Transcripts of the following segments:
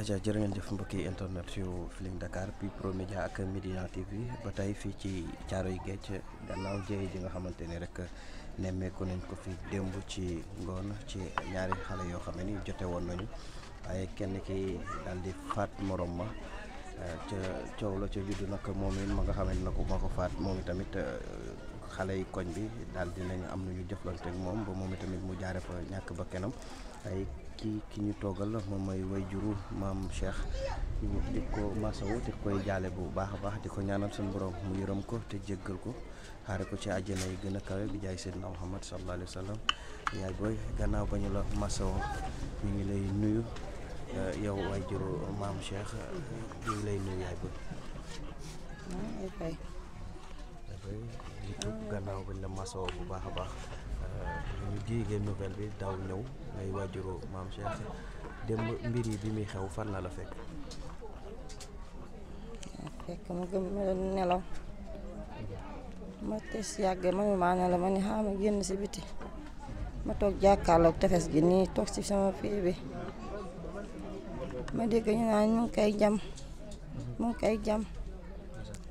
aja jërë ngeen jëf mbokki internet yu Feeling Dakar puis Pro Média ak Médina TV ba tey fii ci Caaroy Géej gannaaw jëye ji nga xamante ni rek nemmeeku nañ ko fi démb ci ngoon ci ñaari xale yoo xam ni jote woon nañu waaye kenn ki daldi faat moroom ma eh, ca coow la ca judd nag moom it ma nga xam ne nag moo ko faat moom tamit eh, xale yi koñ bi daal dinañ am nañu jëflante ak moom ba moom tamit mu jaare fa ñàkk ba kenam ay ci ki ñu toogal moom mooy way juru maam Cheikh ñu di ko masawu di koy jaale bu baax a baax di ko ñaanal seen borom mu yërëm ko te jéggal ko xaare ko ci àjjana yi gën a kawe bi jaay Seydina Muhammad sallallahu alayhi wa sallam yaay booy gannaaw ba ñu la masawoo ñu ngi lay nuyu eh, yow way juru maam Cheikh ñu lay nuyu yaay booy bu baax a baax Euh, ñu jéegee nouvelle bi daw ñëw ngay waajuru maam Cheikh démb mbir yi bi muy xew fan la la fekk. ma gëm ma nelaw ma tes yàgg mami maa ne la ma génn si biti ma toog jàkkaarloog tefes gi nii toog si sama fii bi ma dégg ñu naan ñu ngi koy jam mu ngi koy jam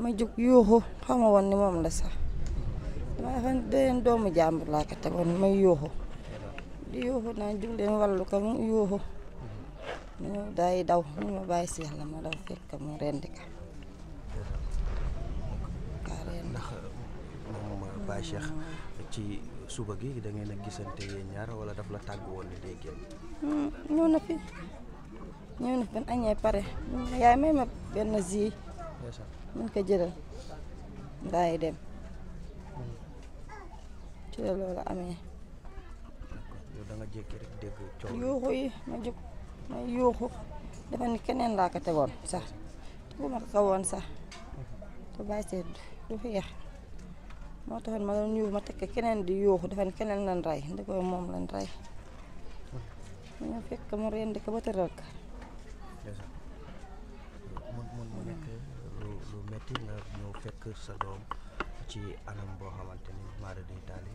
ma jóg yuuxu xama woon ni moom la sax maa xam beneen doomu jàmbur laa ko tegoon may yuuxu di yuuxu naan jug leen wàllu ko mu yuuxu mu daay daw mu ma bàyyi si yàlla ma daw fekk mu rendi ko ndax moom Baye Cheikh ci suba gi da a gisante yéen ñaar wala daf la tàgg woon ni day génn ñëw na fi ñëw na fi ban añee pare yaay may ma benn zi mun ko jëlal ndaay dem ci la loolu amee. yow da nga rek dégg coow. yuuxu yi ma jóg ma yuuxu dafa ni keneen laa ko tegoon sax bu ma ko woon sax mhm. te bàyyi seet du xeex moo taxoon ma doon ma tekk keneen di yuuxu dafa ni keneen lan rey ndeko moom lan rey mu mhm. ñu fekk mu rendi ko ba tëral ko. ci anam boo xamante ni maara day taali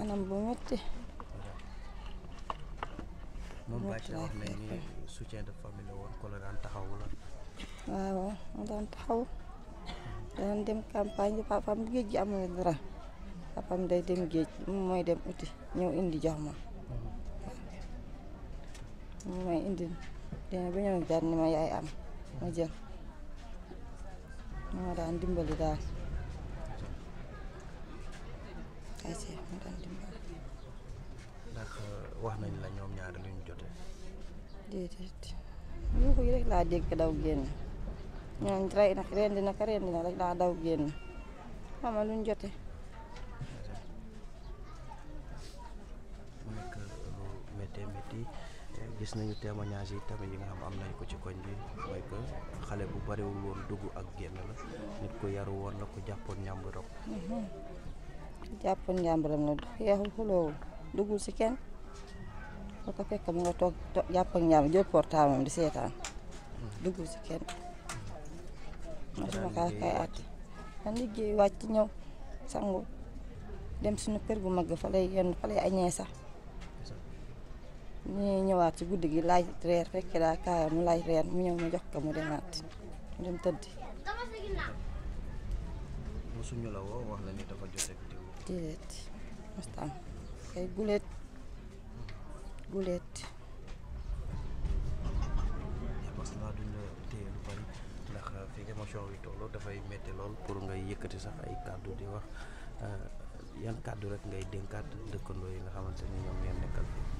anam bu métti moom bàcc ni soutien de daan taxaw la waaw mu daan taxaw daan dem campagne bi papam géej gi amul dara papam day dem géej moom mooy dem uti ñëw indi jox ma mm-hmm. moom mooy indi dina bi ñëw jar ni ma yaay am ma jël moo daan dimbali daal moo daan dimbali ndax uh, wax nañ la ñoom ñaar lu ñu jotee déedéet yuuxu yi laa dégg daw génn ñooñ rey na rendi na ka laa daw génn xama luñ jote jotee mu gis nañu témoignage yi tamit yi nga xam am nañ ko ci koñ bi mooy que xale bu bariwul woon dugg ak génn la nit ku yaru woon la ko jàppoon njàmburam jàppoon njàmburam la yeexul xuloowul duggul si kenn foo ko fekk mu nga toog jàppoon njàmburam jël portable moom di seetaan duggul si kenn masuma kaa kay àtte man liggéey wàcc ñëw sangu dem suñu kër gu mag fa lay yenn fa lay añee sax ñu ñëwaat ci guddi gi laaj reer fekk daa kaaya mu laaj reer mu ñëw ma jox ko mu demaat mu dem tëdd. mosuñu la woo wax na ni dafa jot ak diw. déedéet mostaan kay guleet guleet. parce que naa duñ la téye lu bari ndax euh, fi émotion bi toll dafay métti lool pour ngay yëkkati sax ay kàddu di wax euh, yan kàddu rek ngay dénkaat dëkkandoo yi nga xamante ni ñoom ngeen nekkal fii.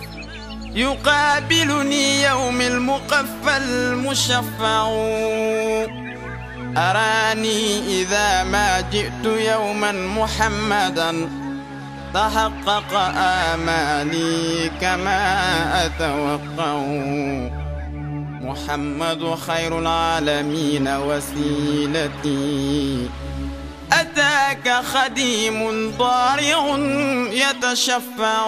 يقابلني يوم المقفى المشفع أراني إذا ما جئت يوما محمدا تحقق آماني كما أتوقع محمد خير العالمين وسيلتي أتاك خديم ضارع يتشفع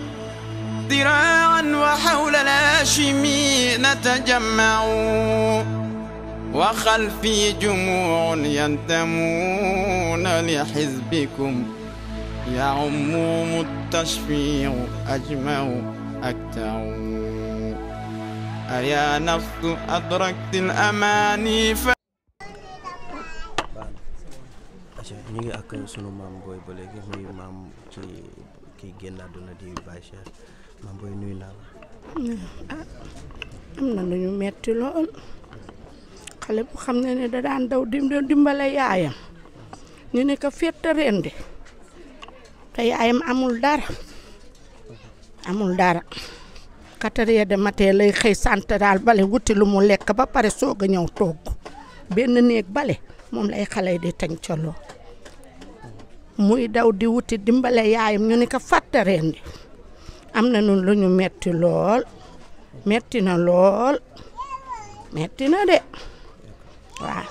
ذراعا وحول الهاشمي نتجمع وخلفي جموع ينتمون لحزبكم يعمهم التشفيع أجمع أكتع أيا نفس أدركت الأماني ف... ñu ngi ak sunu maam booy ba léegi muy maam ci ki génn àdduna di Baye Cheikh maam booy nuyu ah, am na lu ñu metti lool xale bu xam ne ne da daan daw dimbale yaayam ñu ne ko fett rendi te yaayam amul dara amul dara quatre de matin lay xëy central bale wuti lu mu lekk ba pare soog a ñëw togg benn néeg bale moom lay xale di tëncaloo muy daw di wuti dimbale yaayam ñu ne ko fett rendi am na nun lu ñu metti lool metti na lool metti na de waaw.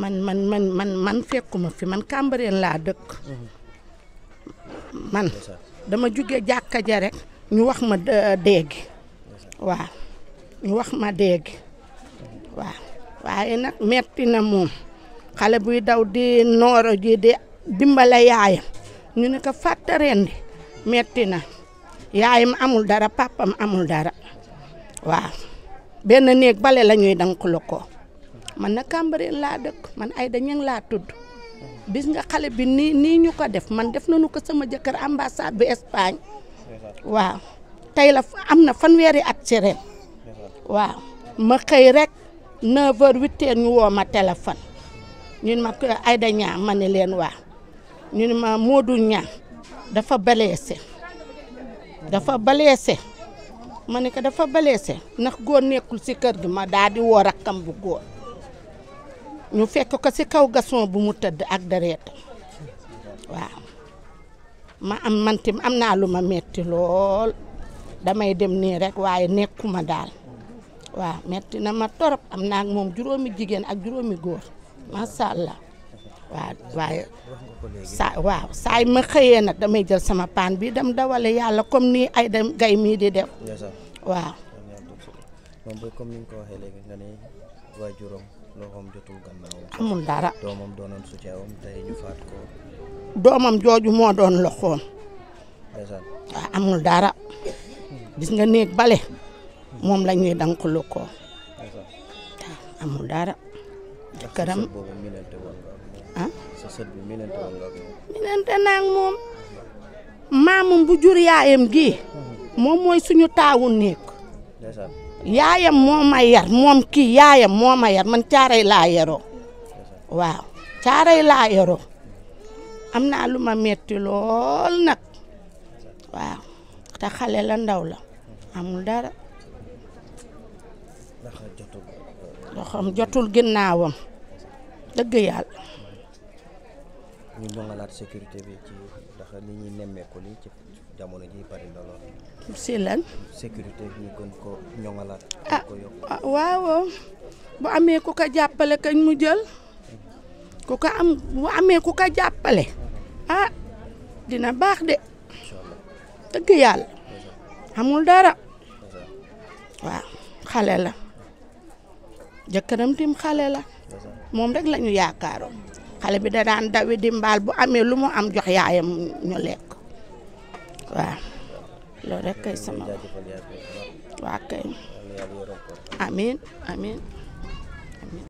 man man man man man fekkuma fi man Cambérène laa dëkk. man dama jóge jàkka ja rek ñu wax ma déegi waaw ñu wax ma déegi waaw waaye nag metti na moom xale buy daw di nooro ji di dimbale yaayam ñu ne ko fàtte rendi metti na yaayam amul dara pàppam amul dara waaw benn néeg bale la ñuy dankuloo ko man na Cambérène laa dëkk man Aïda Niang laa tudd bis nga xale bi nii nii ñu ko def man def nañu ko sama jëkkër ambassade bu Espagne waaw tey am na fanweeri at ci ren waaw ma xëy rek 9h 8h ñu woo ma téléphone ñun ma ko Aïda Niang ma ne leen waaw. ñu ne ma Modou Niang dafa blessé dafa baleese ma ne ko dafa blessé ndax góor nekkul ci kër gi ma daal di woo rakkam bu góor ñu fekk ko ci kaw gason bu mu tëdd ak dereetam waaw ma am mantim am naa lu ma metti lool damay dem nii rek waaye nekkuma daal waaw metti na ma torop am naa moom juróomi jigéen ak juróomi góor macha waaw waaye waaw saa ma xëyee nag damay jël sama paan bii dem dawale yàlla comme nii ay dem gay mii di def waaw moom bi ni nga ko waxee léegi nga ne waajuram loxoom jotul gannaawam amul dara doomam doonoon jooju moo doon loxoom waaw amul dara gis nga néeg bale moom la ñuy dankalu ko amul dara jëkkëram sa sët bi minante woon nga ak moom. moom maamam bu jur yaayam gi moom mooy suñu taawu yaayam moo ma yar moom kii yaayam moo ma man caaray laa waaw caaray laa am naa lu ma metti lool nag waaw te xale la ndaw la amul dara loxoom jotul ginnaawam dëgg yàlla ñu ñoŋalaat sécurité bi ci ndax li ñuy nemmeeku li ci jamono ji bari na lool. sécurité bi ñu gën ko ñoŋalaat. ah, ah waaw bu amee ku ko jàppale kañ mu jël ko ko am bu amee ku ko jàppale ah dina baax de dëgg yàlla amul dara waaw xale la jëkkëram tim xale la moom rek lañu yaakaaroon. xale bi da daan dawi di mbaal bu amee lu mu am jox yaayam ñu lekk waaw loolu rek kay sama waaw kay amiin amiin